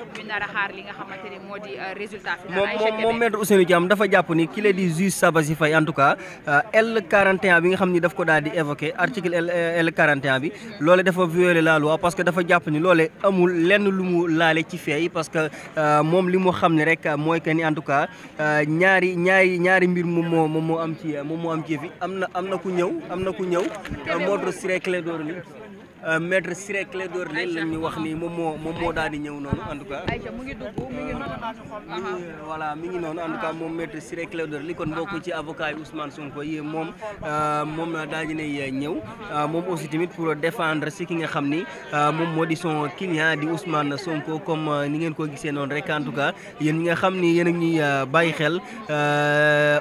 ñu nar a xaar li nga xamante ne moo di euh, résultat moom moom maître Ousseynou dafa jàpp ni ki la di juge Sabassy Faye en tout cas euh, L 41 bi nga xam ni daf ko daal di évoqué article L 41 euh, bi loole dafa violé la loi parce que dafa jàpp ni loole amul lenn lu mu laale ci fee parce que moom li mu xam ne rek mooy que ni en tout cas ñaari ñaari ñaari mbir moom moo moom moo am ci moom moo am ci fi am na am na ku ñëw am na ku ñëw montre si rek clé d'or Euh, maître Ciré Clédor Ly lañ ñu wax nii moom moo moom moo daal di ñëw noonu en tout cas. mu mi euh, ngi noonu en tout cas moom maître Ciré Clédor Ly kon bokk ci avocat yi Ousmane Sonko yi moom euh, moom daal di nay ñëw moom aussi tamit défendre si ki nga xam ni moom moo di son client di Ousmane Sonko comme ni ngeen ko gisee noonu rek en tout yéen ñi nga xam ni yéen a ñuy bàyyi xel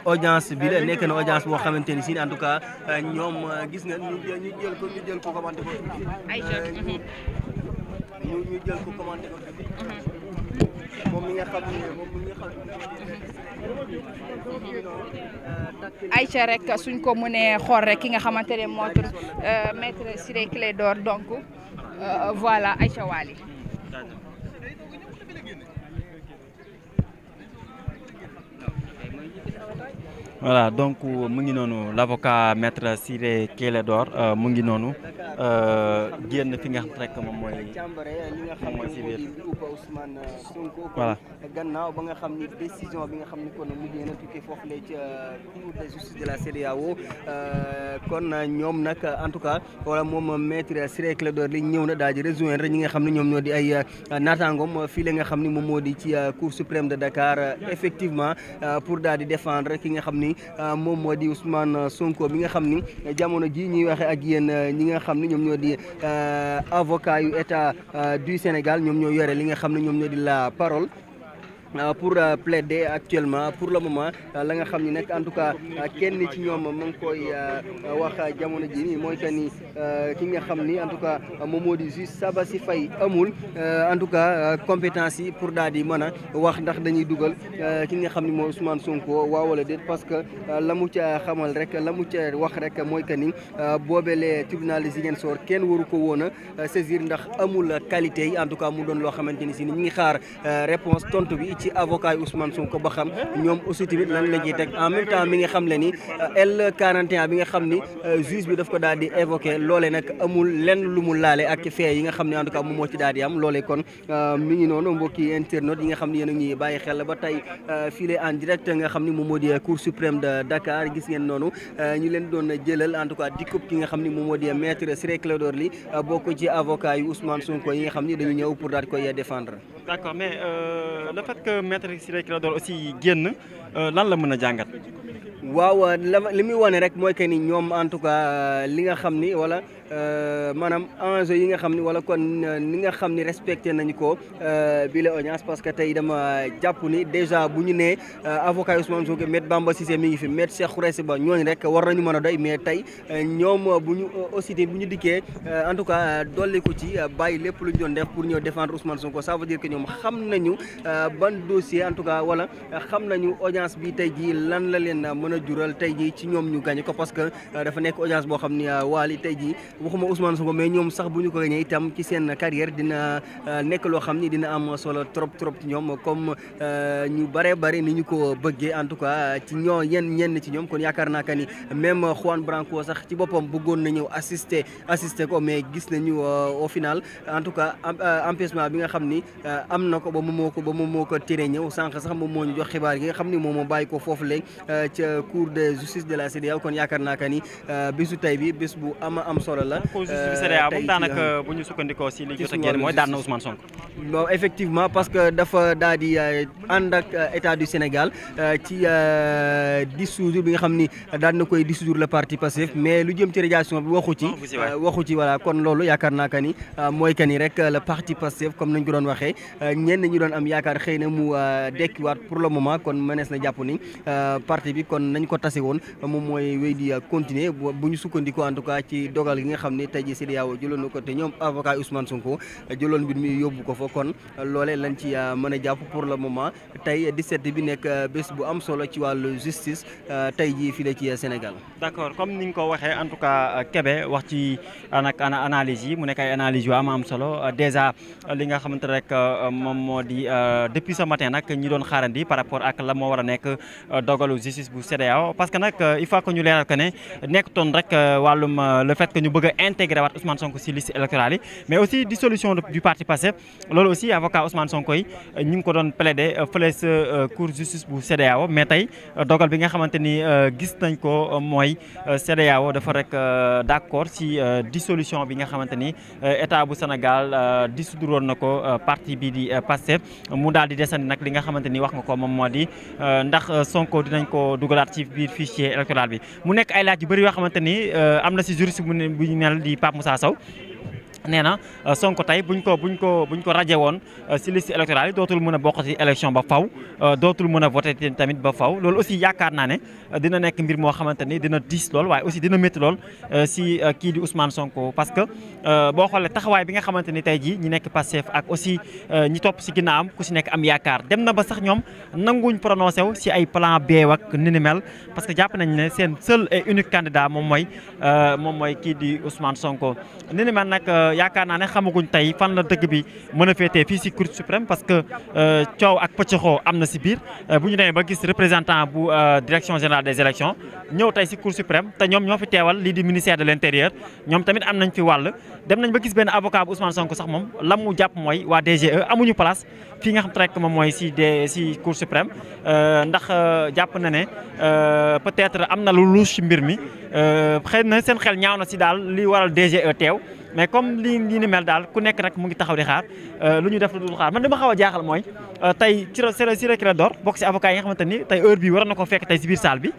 audience bi la nekk na audience boo xamante ni si en tout cas ñoom gis nga ñu jël ko ñu jël ko commenté ko. ay jeunes. ñu ko commenté mhm. ne mhm. suñ ko mënee xool rek ki nga xamante ne moo tur euh, maître Ciré Clédor donc euh, voilà Aïcha Wali. voilà donc euh, mu ngi noonu l' avocat maître Ciré Clédor euh, mu ngi noonu euh, génn fi nga xam rek moom mooy moom mooy si biir voilà. ba nga xam ni décision bi nga xam ni kon mujjee la la CEDEAO kon ñoom nag en tout cas wala moom maître Ciré Clédor li ñëw na daal di rejoindre ñi nga xam ne ñoom ñoo di ay naataangoom fii nga xam ni moom moo di ci cour suprême de Dakar effectivement pour daal di défendre ki nga xam ni ni euh, moom moo di Ousmane Sonko bi nga xam ni jamono ji ñuy waxe ak yéen euh, ñi nga xam ne ñoom ñoo di euh, avocat yu état du Sénégal ñoom ñoo yore li nga xam ne ñoom ñoo di la parole Euh, pour euh, plaider actuellement pour le moment euh, la nga xam ni nag en tout cas kenn ci ñoom mu ngi koy wax jamono ji nii mooy que ni ki nga xam ni en tout cas moom moo di saba si fay amul en tout cas compétence yi pour daal di mën a wax ndax dañuy dugal ki nga xam ni mooy Ousmane Sonko waaw wala parce que la mu ca xamal rek la mu ca wax rek mooy que ni boobelee tribunal de soor kenn waru ko woon a saisir ndax amul qualité yi en tout cas mu doon loo xamante ni si ni mu ngi xaar réponse tontu bi. ci avocat yi Ousmane Sonko ba xam ñoom aussi tamit lan la ñuy teg en même temps mi nga xam le ni euh, L41 bi nga xam ni euh, juge bi daf ko daal di évoqué loolee nag amul lenn lu mu laale ak fee yi nga xam ne en tout cas moom moo ci daal di am loolee kon euh, mi ngi noonu mbokki internautes yi nga xam ne yéen a ngi bàyyi xel ba tey fii en direct nga xam ni moom moo di cour suprême de Dakar gis ngeen noonu ñu leen doon jëlal en tout cas dikkub ki nga xam ni moom moo di maître Ciré Clédor Ly bokk ci avocat yu Ousmane Sonko yi nga xam ni dañu ñëw pour daal koy défendre. D'accord que maître Ciré Clédor aussi génn euh, lan la mën a jàngat. waaw euh, a muy wane rek mooy que ni ñoom en tout euh, li nga xam ni wala. Euh, maanaam enjeu yi nga xam ni wala kon euh, ni nga xam ni respecté nañu ko euh, bi la audience parce que tey dama jàpp ni déjà bu ñu nee avocat Ousmane Sonko maître Bamba Cissé mi ngi fi maître Cheikh Khoureyssi Ba ñooñu rek war nañu mën a doy mais tey ñoom bu ñu aussi bu ñu dikkee en tout cas dolli ko ci bàyyi lépp lu ñu doon def pour ñëw défendre Ousmane Sonko ça veut dire que ñoom xam nañu ban dossier en tout cas wala xam nañu audience bi tey jii lan la leen mën a jural tey jii ci ñoom ñu gagné ko parce que dafa nekk audience boo xam ni waali tey jii waxuma Ousmane Sonko mais ñoom sax bu ñu ko gañee itam ci seen carrière dina euh, nekk loo xam ni dina am solo trop trop ci ñoom comme euh, ñu bare bare ni ñu ko bëggee en tout cas ci ñoo ñenn ñenn ci ñoom kon yaakaar naa que ni même Juan Branco sax ci boppam bëggoon na ñëw assister assister ko mais gis nañu euh, au final en tout cas empêchement bi nga xam ni am na ko ba moom moo ko ba moom moo ko tere ñëw sànq sax moom moo ñu jox xibaar yi nga xam ni moom moo bàyyi ko foofu léegi ca cour de de la CEDEAO kon yaakaar naa que ni bésu tey bi bés bu ama am solo la. Euh, tey jii daanaka euh, bu ñu sukkandikoo si li jot a génn mooy daan na Ousmane Sonko. di euh, ànd état du Sénégal ci dissoudre bi nga xam ni daan na koy dissoudre le parti Pastef mais lu jëm ci radiation bi waxu ci. waxu ci voilà kon loolu yaakaar naa que ni mooy que ni rek le parti Pastef comme nañ ko doon waxee ñenn ñi doon am yaakaar xëy na mu dekkiwaat pour le moment kon mënees na jàpp ni parti bi kon nañ ko tase woon moom mooy wéy di bu ñu sukkandikoo en tout cas ci dogal xam ni tey ji CEDEAO jëloon na ko te ñoom avocat Ousmane Sonko jëloon mbir mi yóbbu ko fa kon loolee lañ ci euh, mën a jàpp pour le moment tey 17 bi nekk euh, bés bu am solo ci wàllu justice euh, tey jii fii ci Sénégal. d'accord comme ni nga ko waxee en tout cas Kébé wax ci nag analyse yi mu nekk ay analyse yu am am solo déjà li nga xamante rek moom moo di depuis ce matin nag ñi doon xaarandi par rapport ak la moo war a nekk dogalu justice bu CEDEAO parce que nag il bëgg a intégré waat Ousmane Sonko ci liste électorale yi mais aussi dissolution du parti Pastef loolu aussi avocat Ousmane Sonko yi euh, ñu ngi ko doon plaider euh, fële sa euh, cour justice bu CEDEAO mais tey dogal bi nga xamante ni gis nañ ko mooy CEDEAO dafa rek d'accord ci dissolution bi nga xamante ni état bu Sénégal dissoudre woon na ko parti bi di Pastef mu daal di desandi nag li nga xamante ni wax nga ko moom moo di ndax Sonko dinañ ko dugalaat ci biir fichier électoral bi ñu mel di Pape Moussa Sow nee na euh, Sonko tey buñ ko buñ ko buñ ko raje woon euh, si liste électorale yi dootul mën a bokk si élection ba faw euh, dootul mën a voté tamit ba faw loolu aussi yaakaar naa ne dina nekk mbir moo xamante ni dina diis lool waaye aussi dina métti lool si kii di Ousmane Sonko parce que boo xoolee taxawaay bi nga xamante ni tey jii ñi nekk Pastef ak aussi ñi topp si am ku si nekk am yaakaar dem na ba sax ñoom nanguñ prononcé wu si ay plan B ak ni ni mel parce que jàpp nañ ne seen seul et unique candidat moom mooy moom mooy kii di Ousmane Sonko yaakaar naa ne xamaguñ tey fan la dëgg bi mën a féetee fii si Cour suprême parce que euh, coow ak pëccëxoo am na si biir euh, bu ñu demee ba gis représentant bu euh, direction générale des élections ñëw tey si Cour suprême te ñoom ñoo fi teewal lii di ministère de l' intérieur ñoom tamit am nañ fi wàll dem nañ ba gis benn avocat bu Ousmane Sonko sax moom la mu jàpp mooy waa DGE amuñu palace fii nga xam te rek moom mooy si de si Cour suprême ndax jàpp na ne peut-être am na lu louche mbir mi xëy na seen xel ñaaw na si daal li waral DGE teew mais comme li lii ni mel daal ku nekk rek mu ngi taxaw di xaar euh, lu ñu def lu dul xaar man li ma xaw a jaaxal mooy euh, tey ci la ci la Clédor bokk si avocat yi nga xamante ni tey heure bi war na ko fekk tey si biir salle bi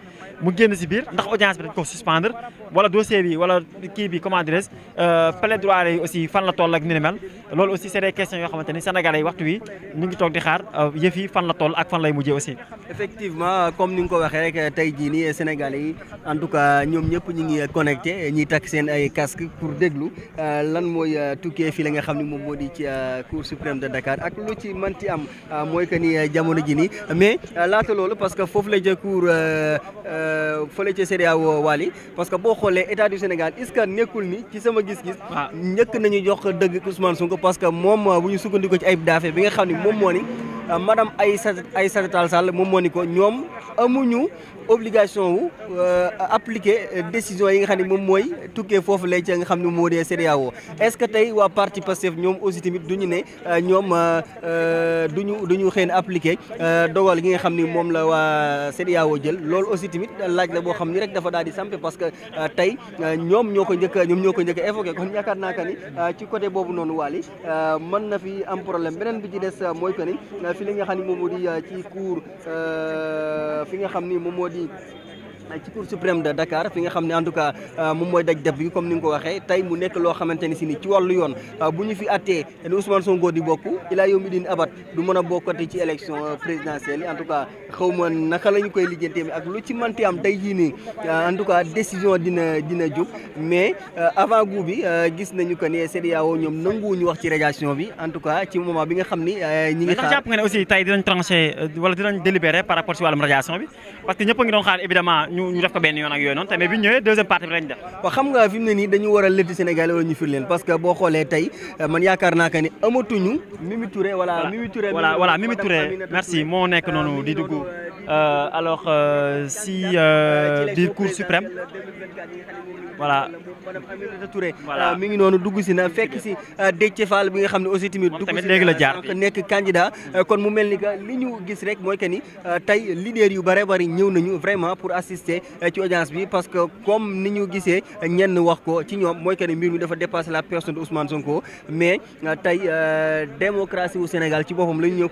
mu génn si biir ndax audience bi dañ ko suspendre wala dossier bi wala kii bi comment dirais je euh, plaidoirie yi aussi fan la tool ak ni mel loolu aussi c' est des questions yoo xamante ni sénégalais yi waxtu wi ñu ngi toog di xaar euh, yëf fan la tool ak fan lay mujjee aussi. effectivement comme ni nga ko waxee rek tey jii nii sénégalais yi en tout cas ñoom ñëpp ñu ngi connecté ñi takk seen ay casque pour déglu euh, lan mooy tukkee fii la nga xam ne moom moo di ci cour suprême de Dakar ak ci mënti am mooy que ni jamono ji nii mais laata loolu parce que foofu la jëkkuur. Euh, fële ca CEDEAO Wally parce que boo xoolee état du Sénégal est nekkul ni ci sama gis-gis. waaw njëkk nañu jox dëgg Ousmane Sonko parce que moom bu ñu sukkandiku ci ay daafe bi nga xam ni moom moo ni. Euh, madame ay Aïssata saal Sall moom moo ni ko ñoom amuñu obligation wu euh, appliquer décision yi nga xam ne moom mooy tukkee foofu lay ca nga xam ne moo dee CEDEAO est-ce que tey waa parti Pastef ñoom aussi tamit duñu ne euh, ñoom duñu duñu xëy na appliquer dogal gi nga xam ni moom la waa CEDEAO jël loolu aussi tamit laaj la boo xam ni rek dafa daal di sampe parce que tey ñoom ñoo ko njëkk ñoom ñoo ko njëkk a évoqué kon yaakaar naa que ni ci côté boobu noonu Waly mën na fi am problème beneen bi ci des mooy que fi li nga xam ni moom moo di uh, ci cour uh, fi nga xam ni moom moo di ci cour suprême de Dakar fi nga xam ne en tout cas euh, moom mooy bi nga ko waxee tey mu nekk loo xamante ni si ni ci euh, ñu fi attee ne Ousmane Sonko di bokk ilaa yow mi din abat du mën a bokkati ci élection euh, dina dina mais avant goût bi gis nañu que ne CEDEAO ñoom nanguwuñu wax ci radiation bi en tout cas ci moment bi nga xam ni ñi ngi xaar jàpp nga ne aussi tey dinañ tranché wala dinañ délibéré par rapport si wàllum radiation bi parce que ñëpp ngi doon xaar évidemment ñu ñu def ko benn yoon ak yooyu noonu tamit bi ñu ñëwee deuxième partie bi lañ def waaw xam nga fi ne nii dañu war a lëtt Sénégal wala ñu fir leen parce que boo xoolee tey euh, man yaakaar naa que ni amatuñu Mimi Touré wala Mimi Touré merci moo nekk noonu di dugg Euh, alors, euh, si euh, du Cour suprême. voilà. voilà euh, mi ngi noonu dugg si na fekk si euh, Déthié Fall bi nga xam ne aussi tamit. dugg si léegi la jaar nekk candidat. Mm. Euh, kon mu mel ni que li ñu gis rek mooy que ni tey leader yu bare bari ñëw nañu vraiment pour assister ci audience bi parce que comme ni ñu gisee ñenn wax ko ci ñoom mooy que ni mbir mi dafa dépassé la personne de Ousmane Sonko mais tey démocratie wu Sénégal ci boppam la ñëw